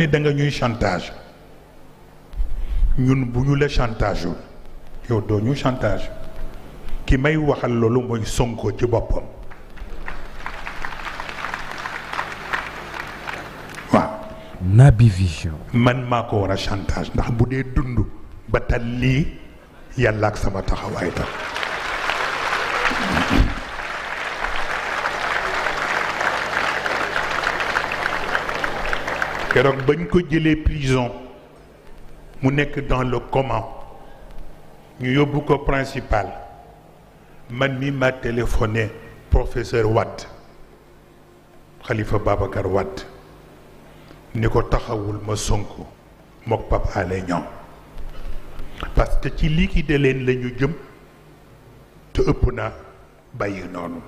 ni da nga ñuy chantage ñun bu ñu la chantage yow do ñu chantage ki may waxal lolu moy Sonko ci bopam wa nabi Vision. man mako wara chantage ndax bu dee ba tal ak sama taxawaay tax. keroog bañ ko jëlee prison mu nek dans le coma ñu yobbu ko principal man mi ma téléphoné professeur Watt, Khalifa Babacar Watt ni ko taxawul ma Sonko mok pap Alé ñom parce que ci liquide len la ñu jëm te ëpp na bàyyi nonu.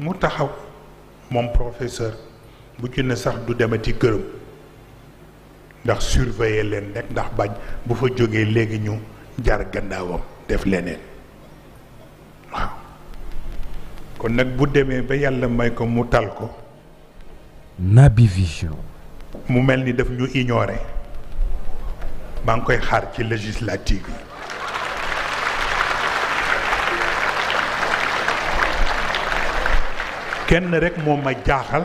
mu taxaw mon professeur bu ci ne sax du demati këram ndax surveiller leen rek ndax bañ bu fa jógee léegi ñu jar gannaawam def lenen. kon nak bu demee ba yàlla may ko mu tal ko Nabi Vision mu mel ni daf ñu ignoré maa ngi koy xaar ci législative kenn rek moo ma jaaxal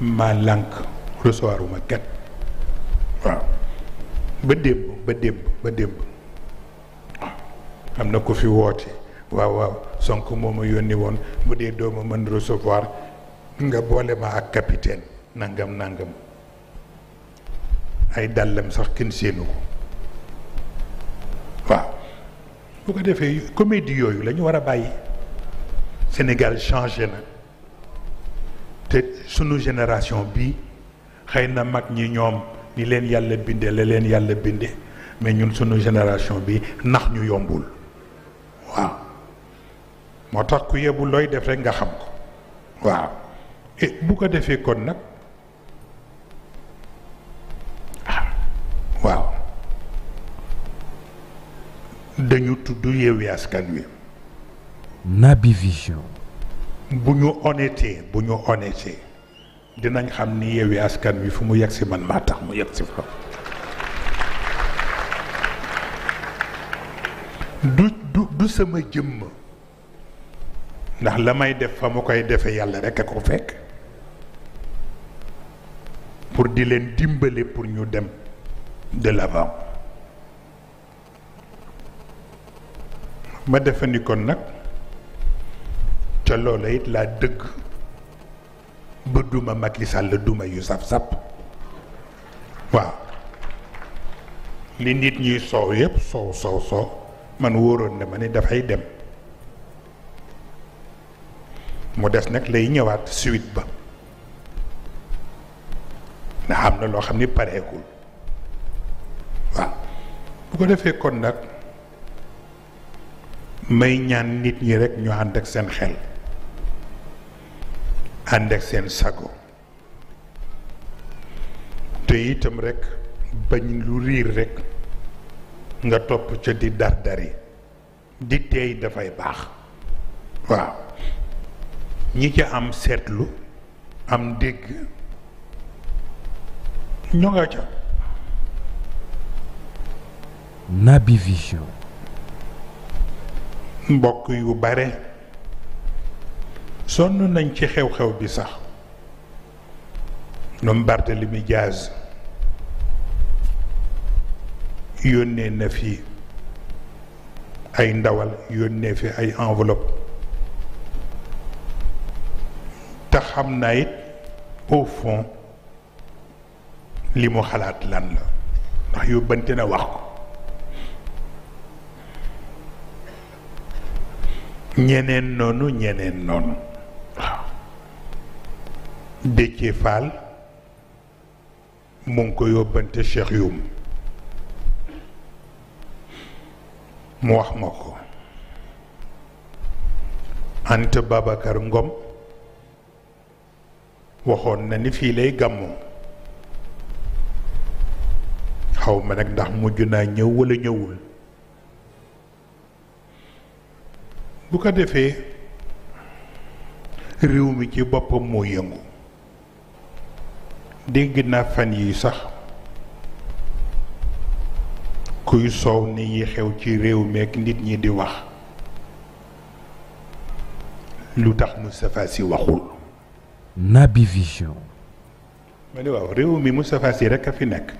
maa lànk recevoir wu ma kat waaw ba démb ba démb ba démb am na ko fi woote waaw waaw sonk moo ma yónni woon bu dee doo ma mën recevoir nga boole ma ak capitaine nangam nangam ay dàllam sax kenn séenu ko waaw bu ko defee comédie yooyu lañu war a bàyyi Sénégal changé na te sunu génération bi xëy na mag ñi ñoom ni leen yàlla binde la leen yàlla binde mais ñun sunu génération bi nax ñu yombul waaw moo tax ku yebu looy def rek nga xam ko waaw eh, bu ko defee kon nag ah, waaw dañu tudd Yewwi Askan Wi Naby Vision bu ñu honnêté bu ñu honnêté dinañ xam ni Yewwi Askan Wi fu mu yàgg si man maa tax mu yegg si fa du du sama jëmm ndax la may def fa mu koy defe yàlla rekk a ko fekk pour di leen dimbale pour ñu dem de l'avant ma defe ni kon nag te loola it laa dëgg ba duma Macky Sall la duma yu sap-sap waaw li nit ñuy soow yëpp soow soow soow man wóoroon na ma ni dafay dem mu des nag lay ñëwaat suite ba ndax am na loo xam ni pareegul waaw bu ko defee kon nag may ñaan nit ñi rek ñu ànd ak seen xel ànd ak seen sago te itam rekk bañ lu riir rekk nga topp ca di dardari di teey dafay baax waaw ñi ca am seetlu am dégg ñu nga ca Naby mbokk yu bare sonn nañ ci xew-xew bi sax ñoom Barthélemy Diaz yónnee na fi ay ndawal yónnee fi ay enveloppe te xam naa it au fond li mu xalaat lan la ndax yóbbante na wax ko ñeneen noonu ñeneen noonu Déthié Fall mu ngi ko yóbbante Cheikh Youm mu wax ma ko Anta Babacar Ngom waxoon na ni fii lay gàmmoo xaw ma nag ndax mujj naa ñëw walla ñëwul bu ko defee réew mi ci boppam moo yëngu dégg na fan yi sax kuy soow ni yi xew ci réew meek nit ñi di wax lu tax Moustapha Sy waxul Naby Vision ma ne waaw réew mi Moustapha rekk a fi nekk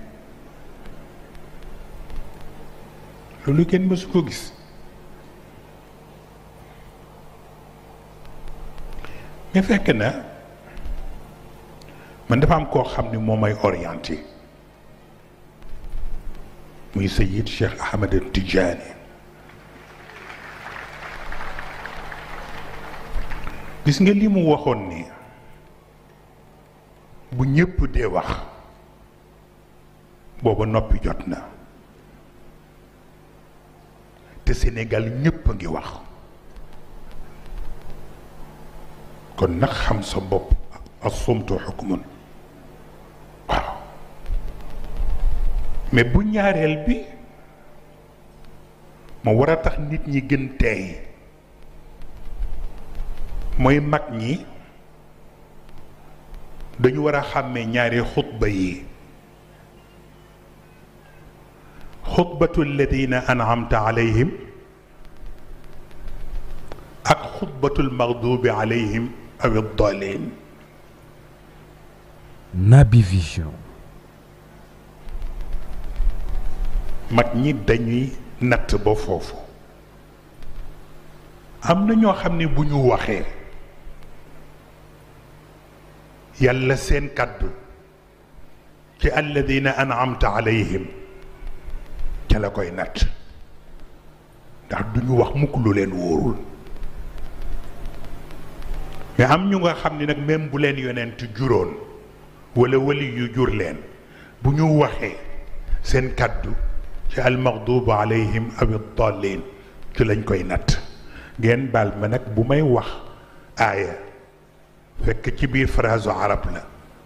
loolu kenn mësu ko gis mais fekk na man dafa am koo xam ni moo may orienté muy Seyid Cheikh Ahmed Tidiane gis nga li mu waxoon ni bu ñépp dee wax booba noppi jot na te Sénégal ñépp a ngi wax kon nag xam sa bopp ak sumtu xukmun mais bu ñaarel bi mo wara tax nit ñi gën teey moy mag ñi dañu wara xamé ñaari khutba yi xutbatu alladina anamta alayhim ak xutbatu almaghdubi alayhim aw ad-dallin nabi Vision mag ñi dañuy natt ba foofu am na ñoo xam ne bu ñu waxee yàlla seen kàddu ci alladina an'amta alayhim ca la koy natt ndax duñu wax mukk lu leen wóorul mais am ñu nga xam ni nag même bu leen yonent juróon wala wali yu jur leen bu ñu waxee seen kàddu ci al almaxduubu alayhim awi dallin ci lañ koy nat ngeen bal ma nak bu may wax aya fek ci bir phrase arab la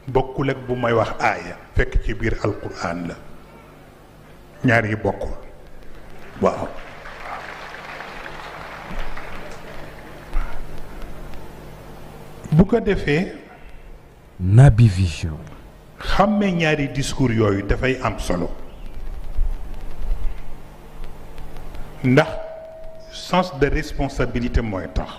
bokul ak bu may wax aya fek ci bir al qur'an la ñaar yi bokul waaw bu ko defé nabi Vision xamé ñaari discours yoyu da fay am solo ndax sens de responsabilité moyenne.